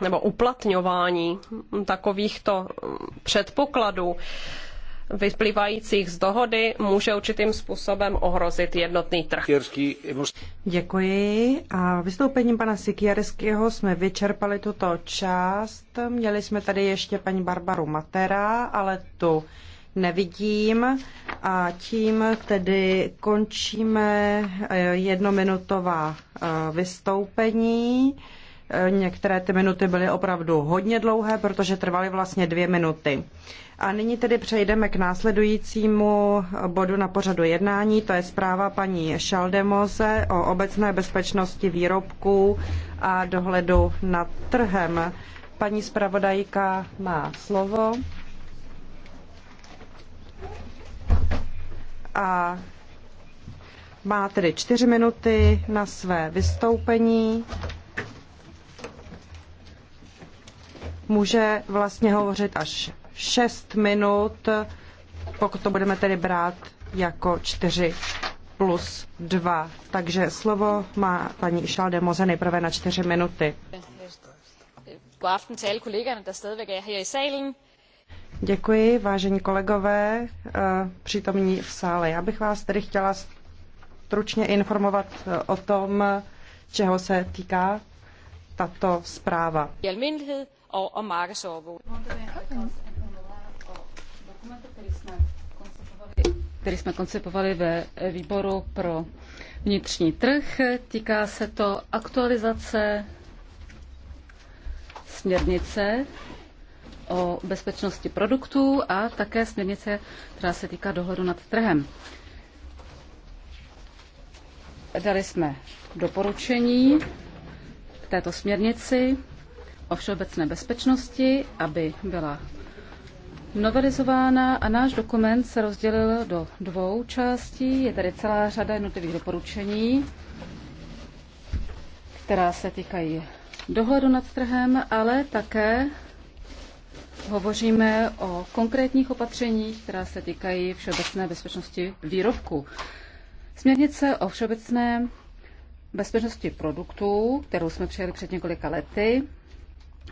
nebo uplatňování takovýchto předpokladů vyplývajících z dohody může určitým způsobem ohrozit jednotný trh. Děkuji. A vystoupením pana Sikierského jsme vyčerpali tuto část. Měli jsme tady ještě paní Barbaru Matera, ale tu nevidím. A tím tedy končíme eh, jednominutová eh, vystoupení. Některé ty minuty byly opravdu hodně dlouhé, protože trvaly vlastně dvě minuty. A nyní tedy přejdeme k následujícímu bodu na pořadu jednání, to je zpráva paní Šaldemoze o obecné bezpečnosti výrobků a dohledu nad trhem. Paní zpravodajka má slovo. A má tedy čtyři minuty na své vystoupení. může vlastně hovořit až 6 minut, pokud to budeme tedy brát jako 4 plus 2. Takže slovo má paní Šalde Moze nejprve na 4 minuty. Er Děkuji, vážení kolegové, eh, přítomní v sále. Já bych vás tedy chtěla stručně informovat eh, o tom, eh, čeho se týká tato zpráva o, o Marsovou. který jsme koncipovali ve výboru pro vnitřní trh. Týká se to aktualizace směrnice o bezpečnosti produktů a také směrnice, která se týká dohledu nad trhem. Dali jsme doporučení k této směrnici o všeobecné bezpečnosti, aby byla novelizována a náš dokument se rozdělil do dvou částí. Je tady celá řada jednotlivých doporučení, která se týkají dohledu nad trhem, ale také hovoříme o konkrétních opatřeních, která se týkají všeobecné bezpečnosti výrobku. Směrnice o všeobecné bezpečnosti produktů, kterou jsme přijeli před několika lety,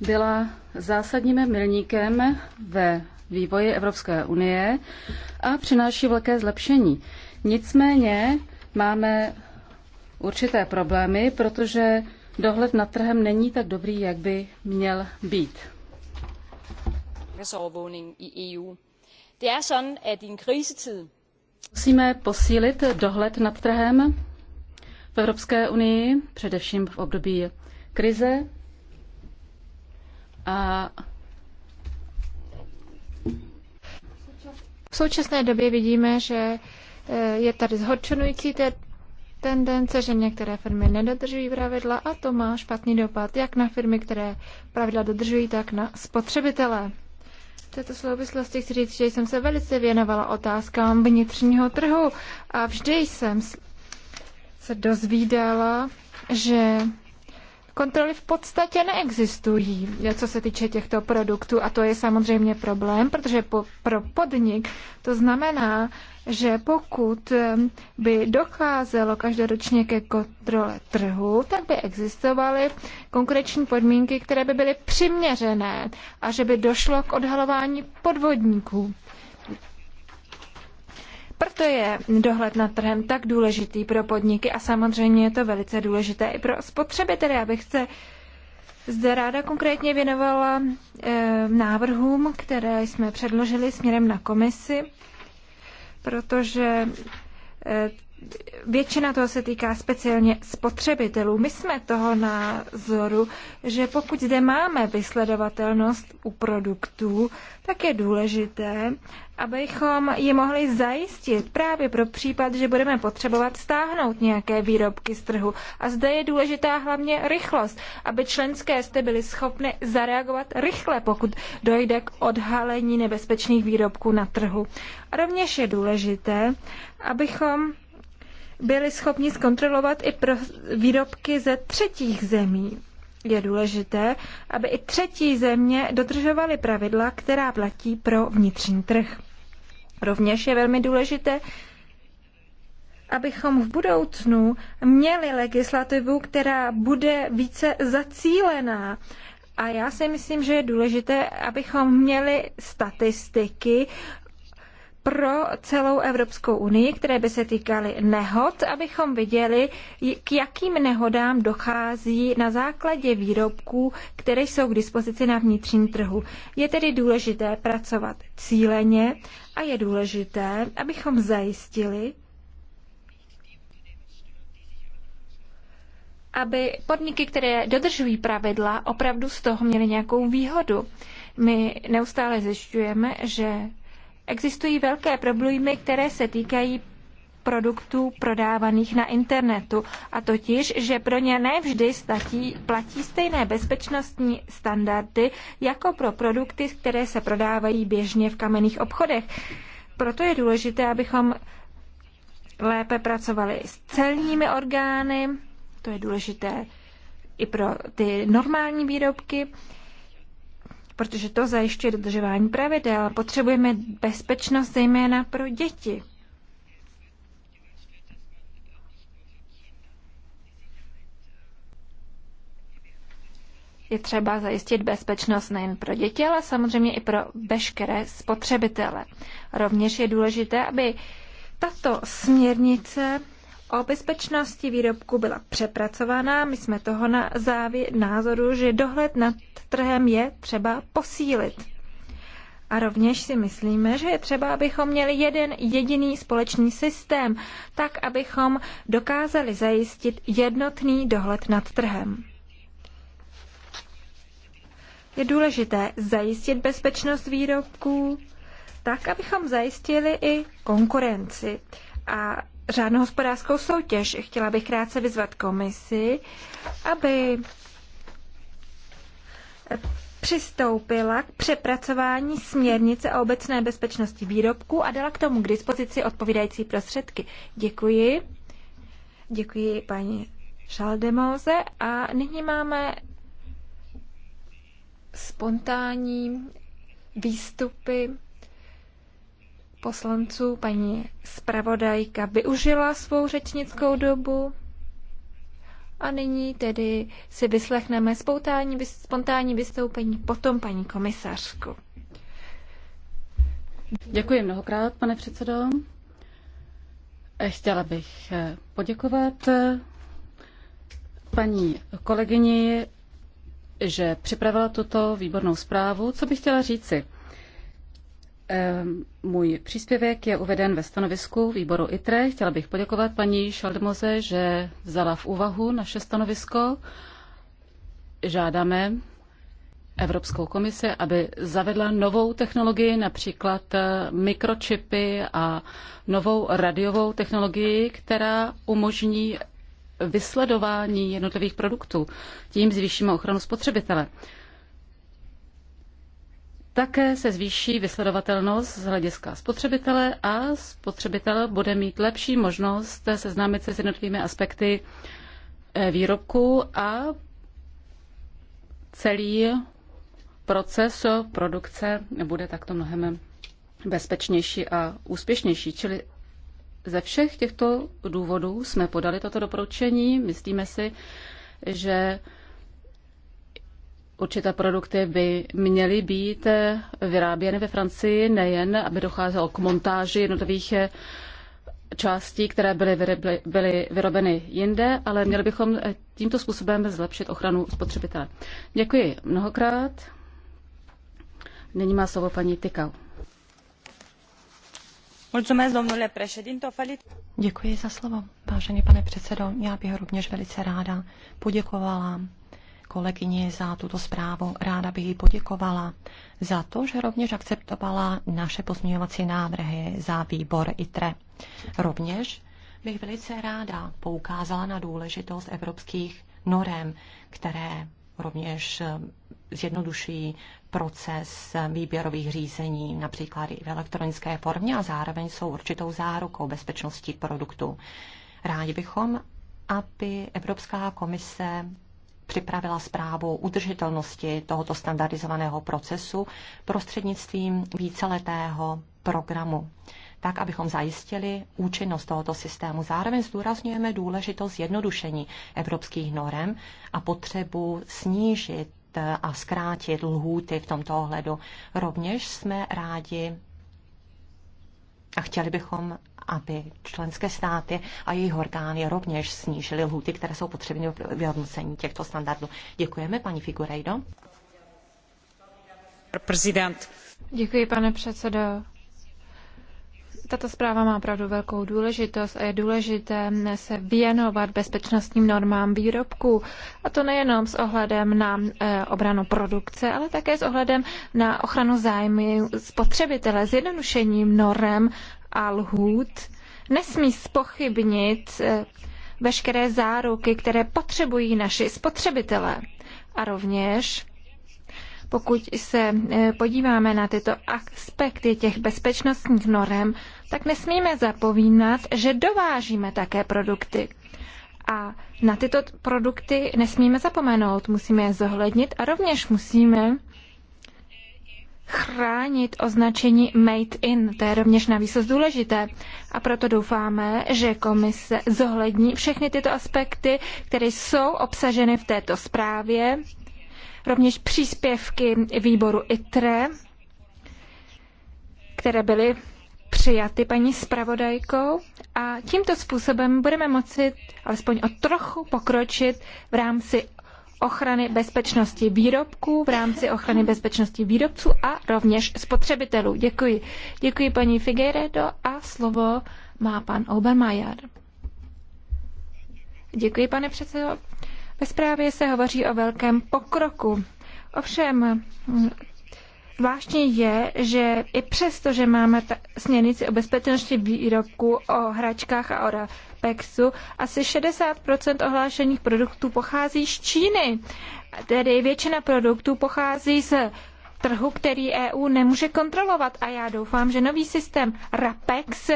byla zásadním milníkem ve vývoji Evropské unie a přináší velké zlepšení. Nicméně máme určité problémy, protože dohled nad trhem není tak dobrý, jak by měl být. E er Musíme posílit dohled nad trhem v Evropské unii, především v období krize, a v současné době vidíme, že eh, je tady zhorčenující tendence, že některé firmy nedodržují pravidla a to má špatný dopad jak na firmy, které pravidla dodržují, tak na spotřebitele. V této souvislosti chci říct, že jsem se velice věnovala otázkám vnitřního trhu a vždy jsem se dozvídala, že kontroly v podstatě neexistují, co se týče těchto produktů. A to je samozřejmě problém, protože po, pro podnik to znamená, že pokud by docházelo každoročně ke kontrole trhu, tak by existovaly konkrétní podmínky, které by byly přiměřené a že by došlo k odhalování podvodníků. Proto je dohled nad trhem tak důležitý pro podniky a samozřejmě je to velice důležité i pro spotřebitele. Já bych se zde ráda konkrétně věnovala e, návrhům, které jsme předložili směrem na komisi, protože eh, Většina toho se týká speciálně spotřebitelů. My jsme toho názoru, že pokud zde máme vysledovatelnost u produktů, tak je důležité, abychom ji mohli zajistit právě pro případ, že budeme potřebovat stáhnout nějaké výrobky z trhu. A zde je důležitá hlavně rychlost, aby členské jste byly schopny zareagovat rychle, pokud dojde k odhalení nebezpečných výrobků na trhu. A rovněž je důležité, abychom byli schopni zkontrolovat i pro výrobky ze třetích zemí. Je důležité, aby i třetí země dodržovaly pravidla, která platí pro vnitřní trh. Rovněž je velmi důležité, abychom v budoucnu měli legislativu, která bude více zacílená. A já si myslím, že je důležité, abychom měli statistiky pro celou Evropskou unii, které by se týkaly nehod, abychom viděli, k jakým nehodám dochází na základě výrobků, které jsou k dispozici na vnitřním trhu. Je tedy důležité pracovat cíleně a je důležité, abychom zajistili, aby podniky, které dodržují pravidla, opravdu z toho měly nějakou výhodu. My neustále zjišťujeme, že existují velké problémy, které se týkají produktů prodávaných na internetu, a totiž, že pro ně nevždy statí, platí stejné bezpečnostní standardy jako pro produkty, které se prodávají běžně v kamenných obchodech. Proto je důležité, abychom lépe pracovali s celními orgány, to je důležité i pro ty normální výrobky, protože to zajišťuje dodržování pravidel. Potřebujeme bezpečnost zejména pro děti. Je třeba zajistit bezpečnost nejen pro děti, ale samozřejmě i pro veškeré spotřebitele. Rovněž je důležité, aby tato směrnice o bezpečnosti výrobku byla přepracovaná. My jsme toho na závě- názoru, že dohled nad trhem je třeba posílit. A rovněž si myslíme, že je třeba, abychom měli jeden jediný společný systém, tak abychom dokázali zajistit jednotný dohled nad trhem. Je důležité zajistit bezpečnost výrobků, tak abychom zajistili i konkurenci. A řádnou hospodářskou soutěž. Chtěla bych krátce vyzvat komisi, aby přistoupila k přepracování směrnice o obecné bezpečnosti výrobků a dala k tomu k dispozici odpovídající prostředky. Děkuji. Děkuji paní Šaldemóze a nyní máme spontánní výstupy poslanců, paní zpravodajka využila svou řečnickou dobu. A nyní tedy si vyslechneme spontánní, spontánní vystoupení, potom paní komisařku. Děkuji mnohokrát, pane předsedo. Eh, chtěla bych eh, poděkovat eh, paní kolegyni, že připravila tuto výbornou zprávu. Co bych chtěla říci? Můj příspěvek je uveden ve stanovisku výboru ITRE. Chtěla bych poděkovat paní Šaldmoze, že vzala v úvahu naše stanovisko. Žádáme Evropskou komisi, aby zavedla novou technologii, například eh, mikročipy a novou radiovou technologii, která umožní vysledování jednotlivých produktů. Tím zvýšíme ochranu spotřebitele. Také se zvýší vysledovatelnost z hlediska spotřebitele a spotřebitel bude mít lepší možnost seznámit se s jednotlivými aspekty eh, výrobku a celý proces produkce bude takto mnohem bezpečnější a úspěšnější. Čili ze všech těchto důvodů jsme podali toto doporučení. Myslíme si, že určité produkty by měly být eh, vyráběny ve Francii, nejen aby docházelo k montáži jednotlivých eh, částí, které byly, vyrobly, byly vyrobeny jinde, ale měli bychom eh, tímto způsobem zlepšit ochranu spotřebitele. Děkuji mnohokrát. Nyní má slovo paní Tykau. Děkuji za slovo, vážený pane předsedo. Já bych rovněž velice ráda poděkovala kolegyně za tuto zprávu. Ráda bych jí poděkovala za to, že rovněž akceptovala naše pozměňovací návrhy za výbor ITRE. Rovněž bych velice ráda poukázala na důležitost evropských norem, které rovněž zjednoduší proces výběrových řízení, například i v elektronické formě a zároveň jsou určitou zárukou bezpečnosti produktu. Rádi bychom, aby Evropská komise připravila zprávu udržitelnosti tohoto standardizovaného procesu prostřednictvím víceletého programu tak, abychom zajistili účinnost tohoto systému. Zároveň zdůrazňujeme důležitost zjednodušení evropských norem a potřebu snížit a zkrátit lhůty v tomto ohledu. Rovněž jsme rádi a chtěli bychom, aby členské státy a jejich orgány rovněž snížily lhuty, které jsou potřebné pro vyhodnocení těchto standardů. Děkujeme, paní Figurejdo. Děkuji, pane předsedo. Tato zpráva má opravdu velkou důležitost a je důležité se věnovat bezpečnostním normám výrobků. A to nejenom s ohledem na eh, obranu produkce, ale také s ohledem na ochranu zájmy spotřebitele, zjednodušením norem a lhůt. Nesmí spochybnit eh, veškeré záruky, které potřebují naši spotřebitelé. A rovněž pokud se e, podíváme na tyto aspekty těch bezpečnostních norem, tak nesmíme zapomínat, že dovážíme také produkty. A na tyto produkty nesmíme zapomenout, musíme je zohlednit a rovněž musíme chránit označení Made in. To je rovněž na výsost důležité. A proto doufáme, že komise zohlední všechny tyto aspekty, které jsou obsaženy v této zprávě rovněž příspěvky výboru ITRE, které byly přijaty paní zpravodajkou a tímto způsobem budeme moci alespoň o trochu pokročit v rámci ochrany bezpečnosti výrobků, v rámci ochrany bezpečnosti výrobců a rovněž spotřebitelů. Děkuji. Děkuji paní Figueiredo a slovo má pan Obermajer. Děkuji, pane předsedo. Ve zprávě se hovoří o velkém pokroku. Ovšem, Zvláštní je, že i přesto, že máme ta směrnici o bezpečnosti výrobku, o hračkách a o rapexu, asi 60 ohlášených produktů pochází z Číny. Tedy většina produktů pochází z trhu, který EU nemůže kontrolovat. A já doufám, že nový systém RAPEX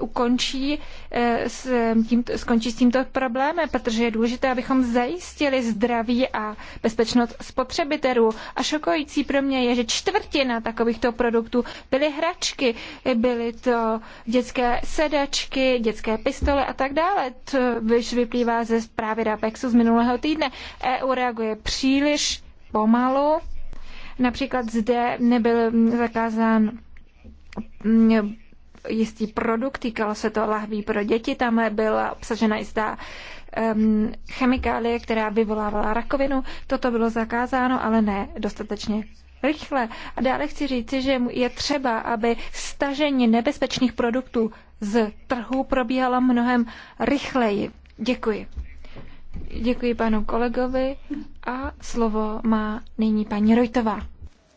ukončí eh, s tím, skončí s tímto problémem, protože je důležité, abychom zajistili zdraví a bezpečnost spotřebitelů. A šokující pro mě je, že čtvrtina takovýchto produktů byly hračky, byly to dětské sedačky, dětské pistole a tak dále. To vyplývá ze zprávy Rapexu z minulého týdne. EU reaguje příliš pomalu. Například zde nebyl zakázán mm, jistý produkt, týkalo se to lahví pro děti, tam byla obsažena jistá um, chemikálie, která vyvolávala rakovinu. Toto bylo zakázáno, ale ne dostatečně rychle. A dále chci říci, že je třeba, aby stažení nebezpečných produktů z trhu probíhalo mnohem rychleji. Děkuji. Děkuji panu kolegovi a slovo má nyní paní Rojtová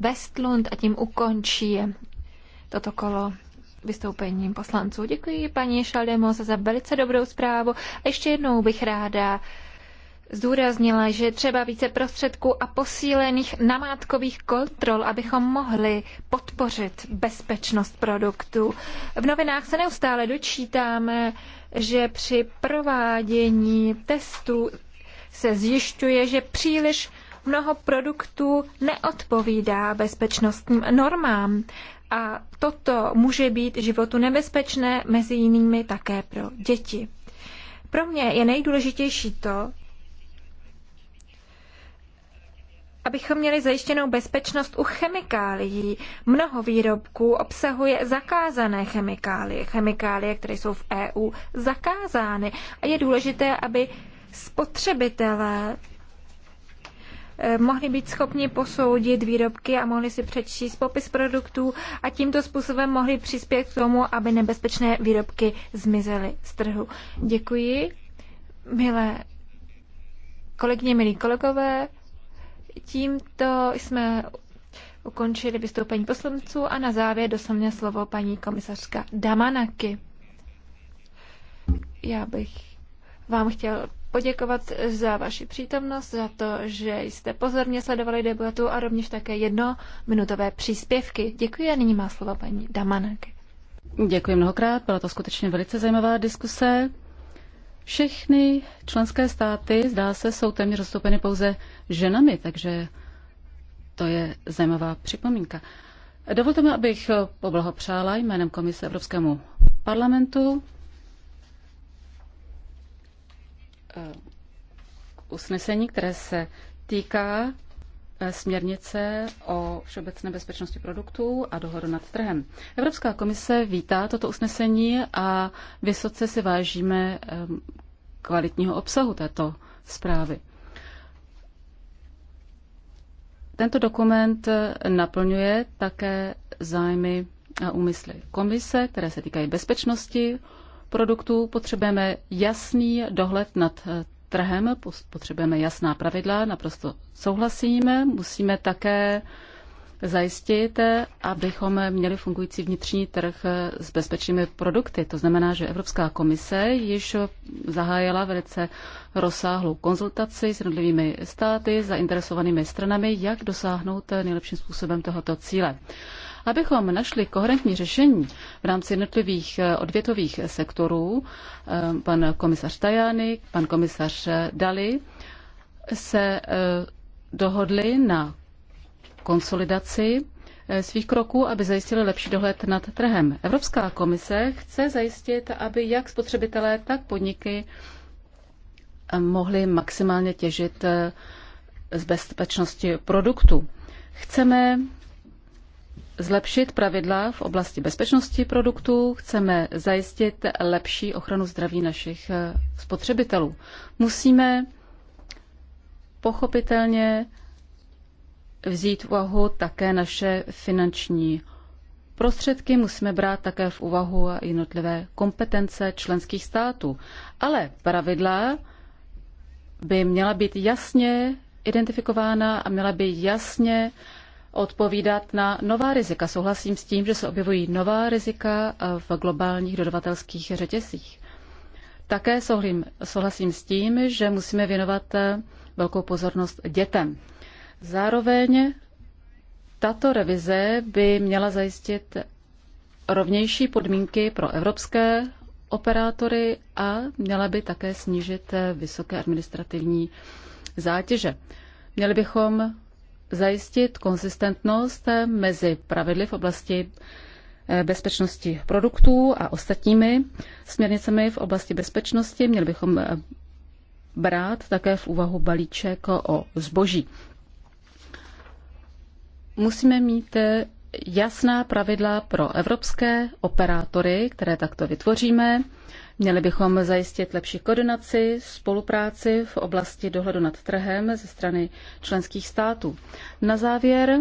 Westlund a tím ukončí toto kolo vystoupením poslanců. Děkuji paní Šaldemo za velice dobrou zprávu a ještě jednou bych ráda zdůraznila, že třeba více prostředků a posílených namátkových kontrol, abychom mohli podpořit bezpečnost produktů. V novinách se neustále dočítáme, že při provádění testů se zjišťuje, že příliš mnoho produktů neodpovídá bezpečnostním normám a toto může být životu nebezpečné, mezi jinými také pro děti. Pro mě je nejdůležitější to, abychom měli zajištěnou bezpečnost u chemikálií. Mnoho výrobků obsahuje zakázané chemikálie, chemikálie, které jsou v EU zakázány. A je důležité, aby spotřebitelé Eh, mohli být schopni posoudit výrobky a mohli si přečíst popis produktů a tímto způsobem mohli přispět k tomu, aby nebezpečné výrobky zmizely z trhu. Děkuji, milé kolegyně, milí kolegové. Tímto jsme ukončili vystoupení poslanců a na závěr doslova slovo paní komisařka Damanaky. Já bych vám chtěl poděkovat za vaši přítomnost, za to, že jste pozorně sledovali debatu a rovněž také jednominutové příspěvky. Děkuji a nyní má slovo paní Damanek. Děkuji mnohokrát, byla to skutečně velice zajímavá diskuse. Všechny členské státy, zdá se, jsou téměř zastoupeny pouze ženami, takže to je zajímavá připomínka. Dovolte mi, abych poblahopřála jménem Komise Evropskému parlamentu Eh, usnesení, které se týká eh, směrnice o všeobecné bezpečnosti produktů a dohodu nad trhem. Evropská komise vítá toto usnesení a vysoce si vážíme eh, kvalitního obsahu této zprávy. Tento dokument naplňuje také zájmy a úmysly komise, které se týkají bezpečnosti, produktů potřebujeme jasný dohled nad eh, trhem, potřebujeme jasná pravidla, naprosto souhlasíme. Musíme také zajistit, abychom měli fungující vnitřní trh eh, s bezpečnými produkty. To znamená, že Evropská komise již zahájila velice rozsáhlou konzultaci s jednotlivými státy, zainteresovanými stranami, jak dosáhnout eh, nejlepším způsobem tohoto cíle. Abychom našli koherentní řešení v rámci jednotlivých eh, odvětových sektorů, eh, pan komisař Tajany, pan komisař eh, Dali se dohodli na konsolidaci svých kroků, aby zajistili lepší dohled nad trhem. Evropská komise chce zajistit, aby jak spotřebitelé, tak podniky mohli maximálně těžit z bezpečnosti produktu. Chceme zlepšit pravidla v oblasti bezpečnosti produktů, chceme zajistit lepší ochranu zdraví našich eh, spotřebitelů. Musíme pochopitelně vzít v úvahu také naše finanční prostředky, musíme brát také v úvahu jednotlivé kompetence členských států. Ale pravidla by měla být jasně identifikována a měla by jasně uh, odpovídat na nová rizika. Souhlasím s tím, že se objevují nová rizika v globálních dodavatelských řetězích. Také souhlasím s tím, že musíme věnovat eh, velkou pozornost dětem. Zároveň tato revize by měla zajistit rovnější podmínky pro evropské operátory a měla by také snížit eh, vysoké administrativní zátěže. Měli bychom zajistit konsistentnost mezi pravidly v oblasti eh, bezpečnosti produktů a ostatními směrnicemi v oblasti bezpečnosti. Měli bychom eh, brát také v úvahu balíček o zboží. Musíme mít eh, jasná pravidla pro evropské operátory, které takto vytvoříme. Měli bychom zajistit lepší koordinaci, spolupráci v oblasti dohledu nad trhem ze strany členských států. Na závěr,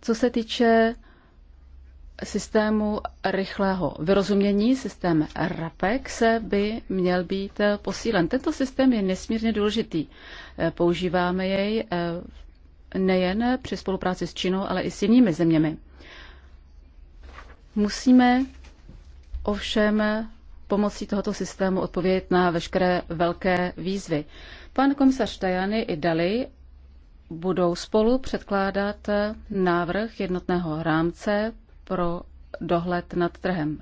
co se týče systému rychlého vyrozumění, systém RAPEX by měl být posílen. Tento systém je nesmírně důležitý. Používáme jej v eh, nejen při spolupráci s Čínou, ale i s jinými zeměmi. Musíme ovšem pomocí tohoto systému odpovědět na veškeré velké výzvy. Pan komisař Tajany i Dali budou spolu předkládat návrh jednotného rámce pro dohled nad trhem.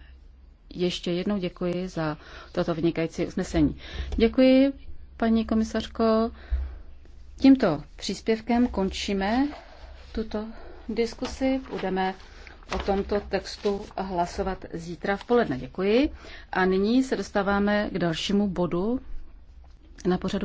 Ještě jednou děkuji za toto vynikající usnesení. Děkuji, paní komisařko. Tímto příspěvkem končíme tuto diskusi. Budeme o tomto textu hlasovat zítra v poledne. Děkuji. A nyní se dostáváme k dalšímu bodu na pořadu